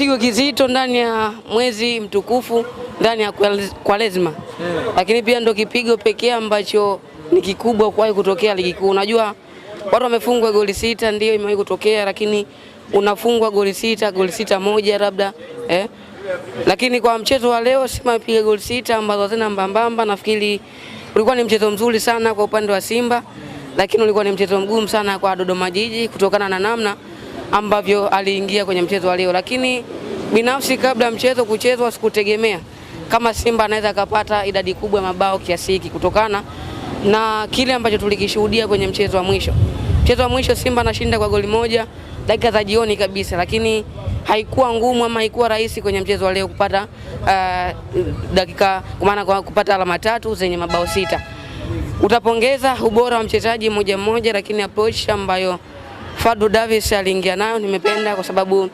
kipigo kizito ndani ya mwezi mtukufu ndani ya Kwaresma, lakini pia ndo kipigo pekee ambacho ni kikubwa kuwahi kutokea ligi kuu. Unajua watu wamefungwa goli sita, ndio imewahi kutokea, lakini unafungwa goli sita, goli sita moja labda eh. Lakini kwa mchezo wa leo Simba imepiga goli sita ambazo zina mbambamba. Nafikiri ulikuwa ni mchezo mzuri sana kwa upande wa Simba, lakini ulikuwa ni mchezo mgumu sana kwa Dodoma Jiji kutokana na namna ambavyo aliingia kwenye mchezo wa leo, lakini binafsi kabla ya mchezo kuchezwa sikutegemea kama Simba anaweza akapata idadi kubwa ya mabao kiasi hiki kutokana na kile ambacho tulikishuhudia kwenye mchezo wa mwisho. Mchezo wa mwisho Simba anashinda kwa goli moja dakika za jioni kabisa, lakini haikuwa ngumu ama haikuwa rahisi kwenye mchezo wa leo kupata uh, dakika maana kupata alama tatu zenye mabao sita. Utapongeza ubora wa mchezaji mmoja mmoja, lakini approach ambayo Fadu Davis aliingia nayo, nimependa kwa sababu